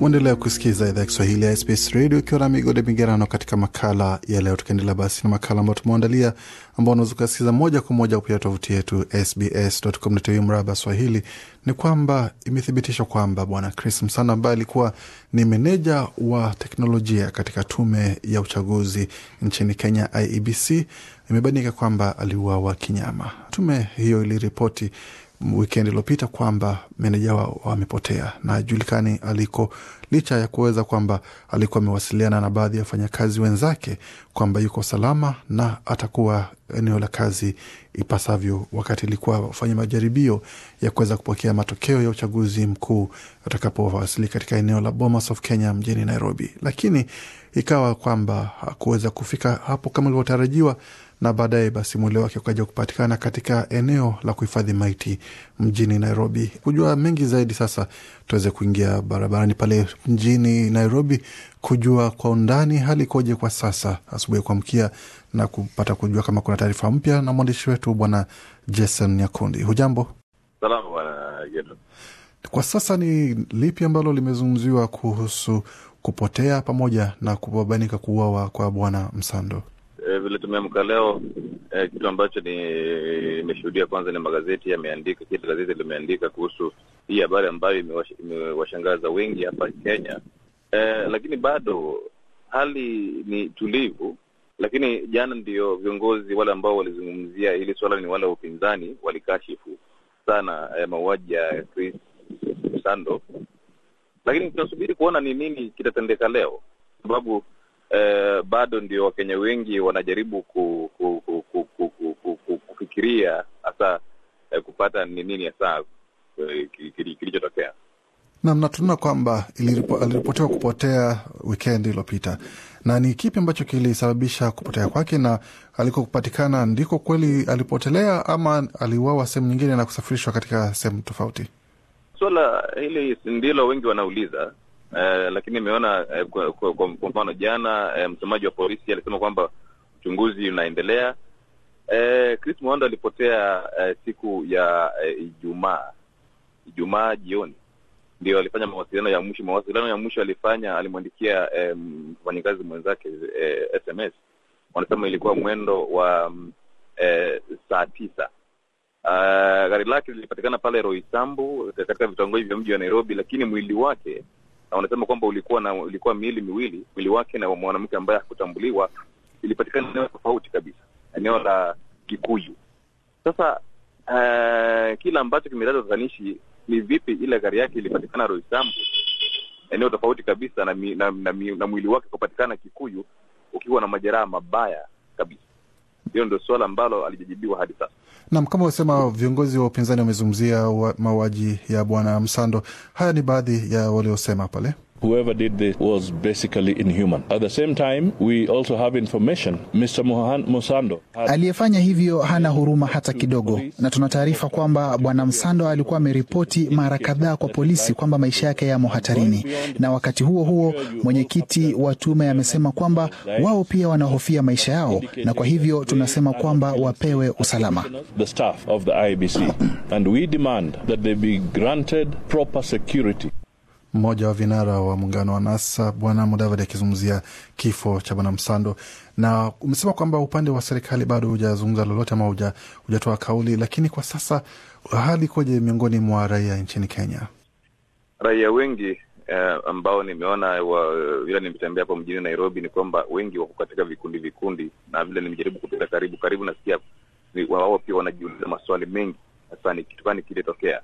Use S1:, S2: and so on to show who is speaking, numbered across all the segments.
S1: Uendelea kusikiza idhaa ya Kiswahili ya SBS Radio ukiwa na migode migerano katika makala ya leo, basi na makala ambayo tumeandalia, ambao unaweza ukasikiza moja kwa moja kupitia tovuti yetu sbs.com.au mraba swahili. Ni kwamba imethibitishwa kwamba Bwana Chris Msana ambaye alikuwa ni meneja wa teknolojia katika tume ya uchaguzi nchini Kenya IEBC imebainika kwamba aliuawa kinyama. Tume hiyo iliripoti wikendi iliopita kwamba meneja wao wamepotea na julikani aliko, licha ya kuweza kwamba alikuwa amewasiliana na baadhi ya wafanyakazi wenzake kwamba yuko salama na atakuwa eneo la kazi ipasavyo, wakati ilikuwa wafanya majaribio ya kuweza kupokea matokeo ya uchaguzi mkuu atakapowasili katika eneo la Bomas of Kenya mjini Nairobi, lakini ikawa kwamba hakuweza kufika hapo kama ilivyotarajiwa na baadaye basi mwili wake ukaja kupatikana katika eneo la kuhifadhi maiti mjini Nairobi. Kujua mengi zaidi, sasa tuweze kuingia barabarani pale mjini Nairobi kujua kwa undani hali ikoje kwa sasa asubuhi ya kuamkia na kupata kujua kama kuna taarifa mpya na mwandishi wetu bwana Jason Nyakundi. Hujambo? Salamu bwana Kwa sasa ni lipi ambalo limezungumziwa kuhusu kupotea pamoja na kubainika kuuawa kwa bwana Msando?
S2: vile tumeamka leo eh, kitu ambacho nimeshuhudia kwanza ni magazeti yameandika, kila gazeti limeandika kuhusu hii habari ambayo imewashangaza wengi hapa Kenya eh, lakini bado hali ni tulivu. Lakini jana ndio viongozi wale ambao walizungumzia hili swala ni wale upinzani walikashifu sana eh, mauaji ya Chris Sando, lakini tunasubiri kuona ni nini kitatendeka leo, sababu eh, bado ndio Wakenya wengi wanajaribu ku, ku, ku, ku, ku, ku, ku, ku, kufikiria hasa eh, kupata ni nini hasa eh, kilichotokea
S1: nam na tunaona kwamba aliripotiwa kupotea wikendi iliyopita, na ni kipi ambacho kilisababisha kupotea kwake na alikopatikana ndiko kweli alipotelea, ama aliuawa sehemu nyingine na kusafirishwa katika sehemu tofauti?
S2: swala hili ndilo wengi wanauliza, eh, lakini nimeona eh, kwa mfano jana eh, msemaji wa polisi alisema kwamba uchunguzi unaendelea. Eh, Chris Mwanda alipotea eh, siku ya eh, Ijumaa eh, Ijumaa jioni ndio alifanya mawasiliano ya mwisho. Mawasiliano ya mwisho alifanya, alimwandikia eh, mfanyakazi mwenzake eh, SMS wanasema ilikuwa mwendo wa eh, saa tisa. Uh, gari lake lilipatikana pale Roysambu katika vitongoji vya mji wa Nairobi, lakini mwili wake wanasema kwamba ulikuwa na ulikuwa miili miwili, mwili wake na mwanamke ambaye hakutambuliwa, ilipatikana eneo tofauti kabisa, eneo la Kikuyu. Sasa uh, eh, kile ambacho kimeleta tatanishi ni vipi ile gari yake ilipatikana Roysambu, eneo tofauti kabisa na, na, na, na, na mwili wake kupatikana Kikuyu ukiwa na majeraha mabaya kabisa hiyo ndio suala ambalo alijijibiwa hadi sasa.
S1: Naam, kama wasema viongozi wa upinzani wamezungumzia mauaji ya bwana Msando. Haya ni baadhi ya waliosema pale
S2: whoever did this was basically inhuman. At the same time, we also have information Mr. Mohan Musando
S1: aliyefanya hivyo hana huruma hata kidogo, na tuna taarifa kwamba bwana Msando alikuwa ameripoti mara kadhaa kwa polisi kwamba maisha yake yamo hatarini, na wakati huo huo mwenyekiti wa tume amesema kwamba wao pia wanahofia maisha yao, na kwa hivyo tunasema kwamba wapewe usalama.
S2: The staff of the IBC and we demand that they be granted proper security
S1: mmoja wa vinara wa muungano wa NASA Bwana Mudavadi akizungumzia kifo cha Bwana Msando, na umesema kwamba upande wa serikali bado hujazungumza lolote ama hujatoa kauli, lakini kwa sasa hali ikoje miongoni mwa raia nchini Kenya?
S2: Raia wengi eh, ambao nimeona vile nimetembea hapo mjini Nairobi ni kwamba wengi wako katika vikundi vikundi, na vile nimejaribu kupita karibu karibu, nasikia wao pia wanajiuliza maswali mengi, hasa ni kitu gani kilitokea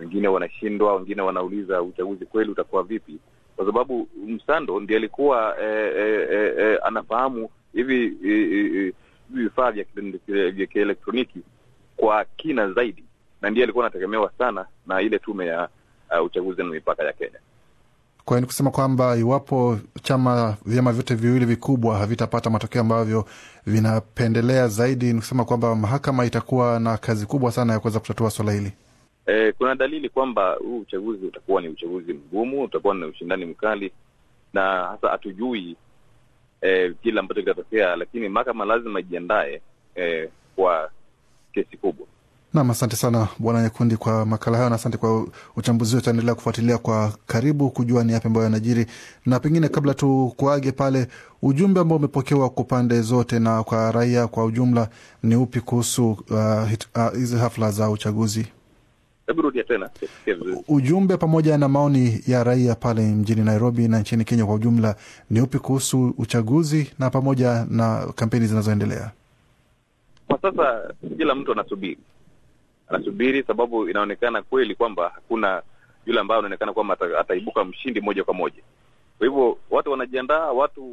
S2: wengine wanashindwa, wengine wanauliza uchaguzi kweli utakuwa vipi? Kwa sababu Msando ndiye alikuwa e, e, e, anafahamu hivi eh, eh, eh, vifaa vya kielektroniki kwa kina zaidi, na ndiye alikuwa anategemewa sana na ile tume ya uh, uchaguzi na mipaka ya Kenya.
S1: Kwa hiyo ni kusema kwamba iwapo chama vyama vyote viwili vikubwa havitapata matokeo ambavyo vinapendelea zaidi, ni kusema kwamba mahakama itakuwa na kazi kubwa sana ya kuweza kutatua swala hili.
S2: E, kuna dalili kwamba huu uchaguzi utakuwa ni uchaguzi mgumu, utakuwa na ushindani mkali, na hasa hatujui e, kile ambacho kitatokea, lakini mahakama lazima ijiandae e, kwa kesi kubwa.
S1: Nam, asante sana Bwana Nyekundi kwa makala hayo, na asante kwa uchambuzi huo. Utaendelea kufuatilia kwa karibu kujua ni yapi ambayo yanajiri, na pengine kabla tu kuage pale, ujumbe ambao umepokewa kwa pande zote na kwa raia kwa ujumla ni upi kuhusu uh, uh, hizi uh, uh, hafla za uchaguzi?
S2: Hebu rudia tena.
S1: Ujumbe pamoja na maoni ya raia pale mjini Nairobi na nchini Kenya kwa ujumla ni upi kuhusu uchaguzi na pamoja na kampeni zinazoendelea
S2: kwa sasa? Kila mtu anasubiri, anasubiri sababu inaonekana kweli kwamba hakuna yule ambayo anaonekana kwamba ataibuka mshindi moja kwa moja. Kwa hivyo watu wanajiandaa, watu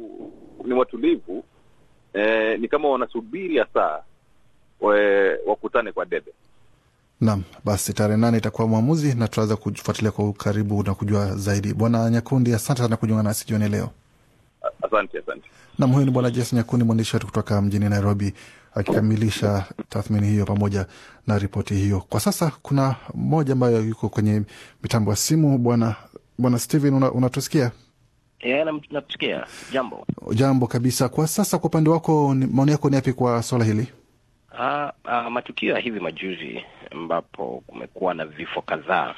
S2: ni watulivu, eh, ni kama wanasubiri hasa wakutane kwa debe.
S1: Nam basi, tarehe nane itakuwa mwamuzi na tutaweza kufuatilia kwa ukaribu na kujua zaidi. Bwana Nyakundi, asante sana kujiunga nasi jioni leo.
S2: Asante, asante.
S1: Nam, huyu ni Bwana Jes Nyakundi, mwandishi wetu kutoka mjini Nairobi, akikamilisha tathmini hiyo pamoja na ripoti hiyo. Kwa sasa kuna mmoja ambayo yuko kwenye mitambo ya simu. Bwana Bwana Steven, unatusikia?
S3: Una eh, Jambo
S1: jambo kabisa. Kwa sasa, kwa upande wako, maoni yako ni yapi kwa swala hili?
S3: Uh, uh, matukio ya hivi majuzi ambapo kumekuwa na vifo kadhaa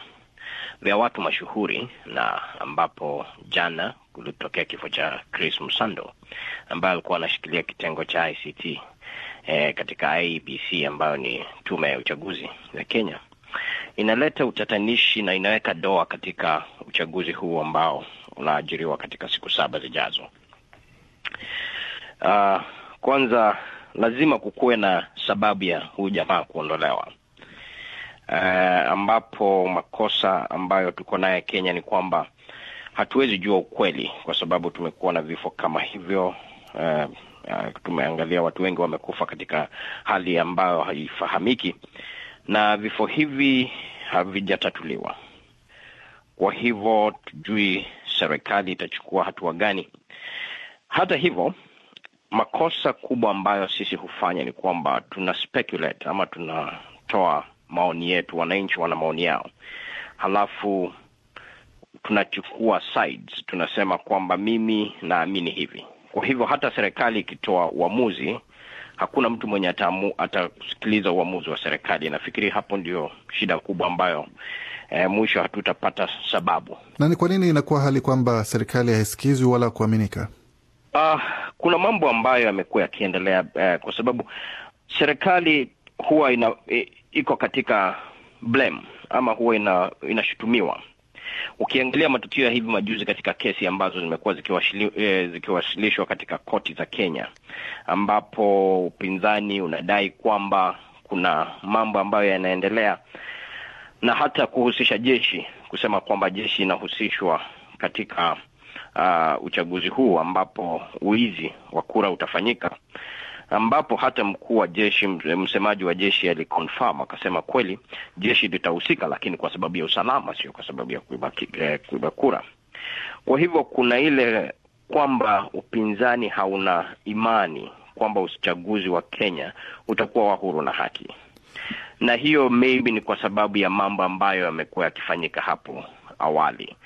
S3: vya watu mashuhuri na ambapo jana kulitokea kifo cha Chris Musando ambaye alikuwa anashikilia kitengo cha ICT eh, katika IEBC ambayo ni tume ya uchaguzi ya Kenya. Inaleta utatanishi na inaweka doa katika uchaguzi huu ambao unaajiriwa katika siku saba zijazo. Uh, kwanza lazima kukuwe na sababu ya huyu jamaa kuondolewa. Uh, ambapo makosa ambayo tuko naye Kenya ni kwamba hatuwezi jua ukweli kwa sababu tumekuwa na vifo kama hivyo. Uh, uh, tumeangalia watu wengi wamekufa katika hali ambayo haifahamiki na vifo hivi havijatatuliwa. Kwa hivyo tujui serikali itachukua hatua gani. Hata hivyo Makosa kubwa ambayo sisi hufanya ni kwamba tuna speculate ama tunatoa maoni yetu, wananchi wana maoni yao, halafu tunachukua sides, tunasema kwamba mimi naamini hivi. Kwa hivyo hata serikali ikitoa uamuzi, hakuna mtu mwenye atamu, atasikiliza uamuzi wa serikali. Nafikiri hapo ndio shida kubwa ambayo E, mwisho hatutapata sababu.
S1: Na ni kwa nini inakuwa hali kwamba serikali haisikizwi wala kuaminika?
S3: Uh, kuna mambo ambayo yamekuwa yakiendelea uh, kwa sababu serikali huwa ina iko katika blame ama huwa ina, inashutumiwa. Ukiangalia matukio ya hivi majuzi katika kesi ambazo zimekuwa eh, zikiwasilishwa katika koti za Kenya, ambapo upinzani unadai kwamba kuna mambo ambayo yanaendelea na hata kuhusisha jeshi, kusema kwamba jeshi inahusishwa katika uh, uchaguzi huu ambapo wizi wa kura utafanyika, ambapo hata mkuu wa jeshi, msemaji wa jeshi aliconfirm akasema, kweli jeshi litahusika, lakini kwa sababu ya usalama, sio kwa sababu ya kuiba, eh, kuiba kura. Kwa hivyo kuna ile kwamba upinzani hauna imani kwamba uchaguzi wa Kenya utakuwa wa huru na haki, na hiyo maybe ni kwa sababu ya mambo ambayo yamekuwa yakifanyika hapo awali.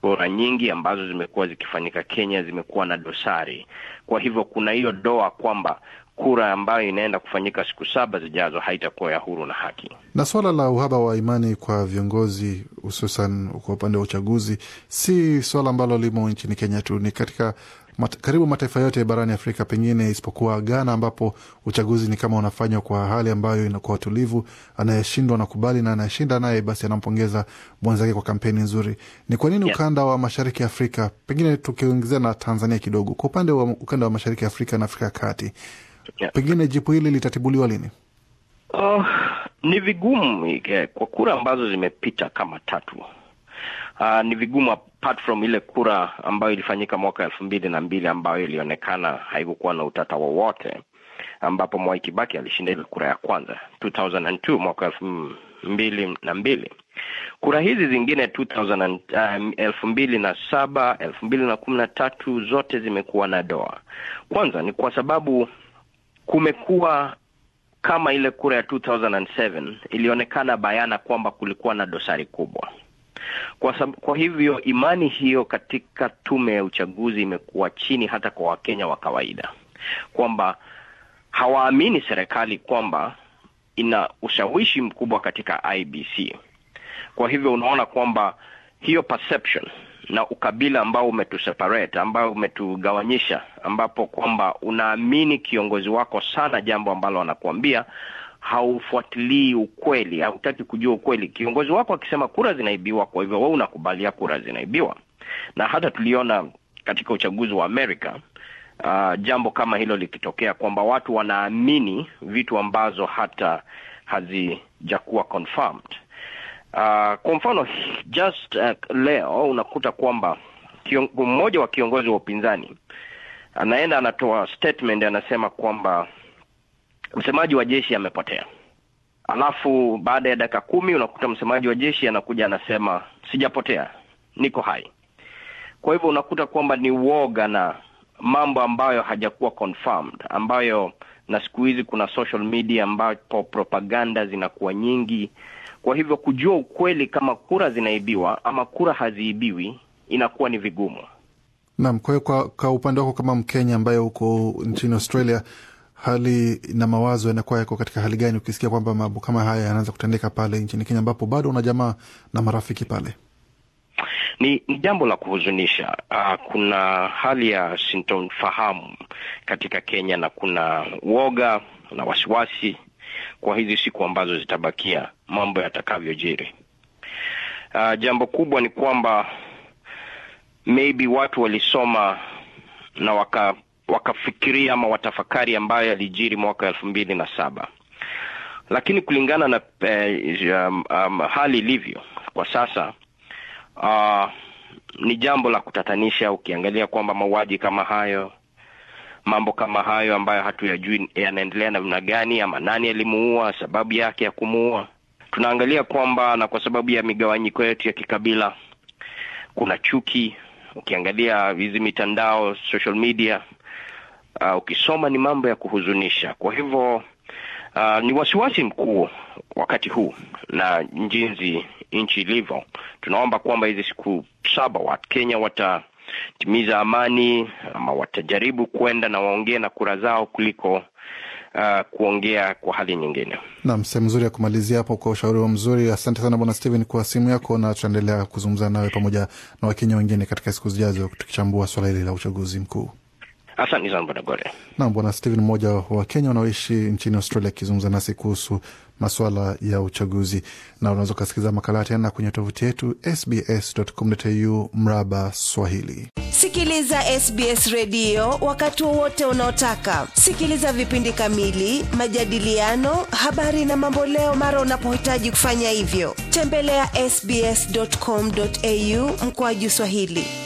S3: Kura nyingi ambazo zimekuwa zikifanyika Kenya zimekuwa na dosari, kwa hivyo kuna hiyo doa kwamba kura ambayo inaenda kufanyika siku saba zijazo haitakuwa ya huru na haki.
S1: Na suala la uhaba wa imani kwa viongozi hususan kwa upande wa uchaguzi si suala ambalo limo nchini Kenya tu, ni katika mat, karibu mataifa yote barani Afrika pengine isipokuwa Ghana ambapo uchaguzi ni kama unafanywa kwa hali ambayo inakuwa tulivu. Anayeshindwa anakubali na anayeshinda naye basi anampongeza mwenzake kwa kampeni nzuri. Ni kwa nini yeah, ukanda wa mashariki Afrika pengine tukiongezea na Tanzania kidogo, kwa upande wa ukanda wa mashariki Afrika na Afrika ya kati yeah, pengine jipu hili litatibuliwa lini?
S3: Oh, ni vigumu eh, kwa kura ambazo zimepita kama tatu. Uh, ni vigumu apart from ile kura ambayo ilifanyika mwaka elfu mbili na mbili ambayo ilionekana haikukuwa na utata wowote, ambapo Mwai Kibaki alishinda ile kura ya kwanza 2002 mwaka elfu mbili na mbili. Kura hizi zingine um, elfu mbili na saba elfu mbili na kumi na tatu zote zimekuwa na doa. Kwanza ni kwa sababu kumekuwa kama ile kura ya 2007 ilionekana bayana kwamba kulikuwa na dosari kubwa kwa, sab kwa hivyo imani hiyo katika tume ya uchaguzi imekuwa chini hata kwa Wakenya wa kawaida, kwamba hawaamini serikali kwamba ina ushawishi mkubwa katika IBC. Kwa hivyo unaona kwamba hiyo perception na ukabila ambao umetuseparate ambao umetugawanyisha, ambapo kwamba unaamini kiongozi wako sana, jambo ambalo anakuambia haufuatilii ukweli, hautaki kujua ukweli. Kiongozi wako akisema kura zinaibiwa, kwa hivyo wewe unakubalia kura zinaibiwa. Na hata tuliona katika uchaguzi wa Amerika uh, jambo kama hilo likitokea kwamba watu wanaamini vitu ambazo hata hazijakuwa confirmed. Uh, kwa mfano just uh, leo unakuta kwamba mmoja wa kiongozi wa upinzani anaenda anatoa statement, anasema kwamba msemaji wa jeshi amepotea. Alafu baada ya dakika kumi unakuta msemaji wa jeshi anakuja anasema, sijapotea, niko hai. Kwa hivyo unakuta kwamba ni uoga na mambo ambayo hajakuwa confirmed, ambayo na siku hizi kuna social media ambapo propaganda zinakuwa nyingi. Kwa hivyo kujua ukweli kama kura zinaibiwa ama kura haziibiwi inakuwa ni vigumu.
S1: Naam, kwa hiyo kwa upande wako kama Mkenya ambaye uko nchini Australia hali na mawazo yanakuwa yako katika hali gani ukisikia kwamba mambo kama haya yanaanza kutendeka pale nchini Kenya ambapo bado una jamaa na marafiki pale?
S3: Ni, ni jambo la kuhuzunisha. Uh, kuna hali ya sintofahamu katika Kenya na kuna woga na wasiwasi kwa hizi siku ambazo zitabakia mambo yatakavyojiri. Uh, jambo kubwa ni kwamba maybe watu walisoma na waka wakafikiria ama watafakari ambayo yalijiri mwaka elfu mbili na saba lakini kulingana na eh, um, um, hali ilivyo kwa sasa uh, ni jambo la kutatanisha ukiangalia kwamba mauaji kama hayo, mambo kama hayo ambayo hatuyajui yanaendelea namna gani, ama nani alimuua, sababu yake ya kumuua. Tunaangalia kwamba na kwa sababu ya migawanyiko yetu ya kikabila, kuna chuki. Ukiangalia hizi mitandao social media, uh, ukisoma ni mambo ya kuhuzunisha. Kwa hivyo uh, ni wasiwasi mkuu wakati huu na jinsi nchi ilivyo. Tunaomba kwamba hizi siku saba Wakenya watatimiza amani ama watajaribu kwenda na waongee na kura zao kuliko Uh, kuongea kwa hali nyingine.
S1: Naam, sehemu nzuri ya kumalizia hapo kwa ushauri wa mzuri. Asante sana Bwana Steven kwa simu yako, na tutaendelea kuzungumza nawe pamoja na Wakenya wengine katika siku zijazo tukichambua swala hili la uchaguzi mkuu.
S3: Asante sana bwana Gore.
S1: Naam, bwana Stephen, mmoja wa Kenya wanaoishi nchini Australia, akizungumza nasi kuhusu maswala ya uchaguzi. Na unaweza ukasikiliza makala tena kwenye tovuti yetu sbs.com.au mraba Swahili.
S3: Sikiliza SBS redio wakati wowote unaotaka. Sikiliza vipindi kamili, majadiliano, habari na mamboleo mara unapohitaji kufanya hivyo. Tembelea ya sbs.com.au mkoaji Swahili.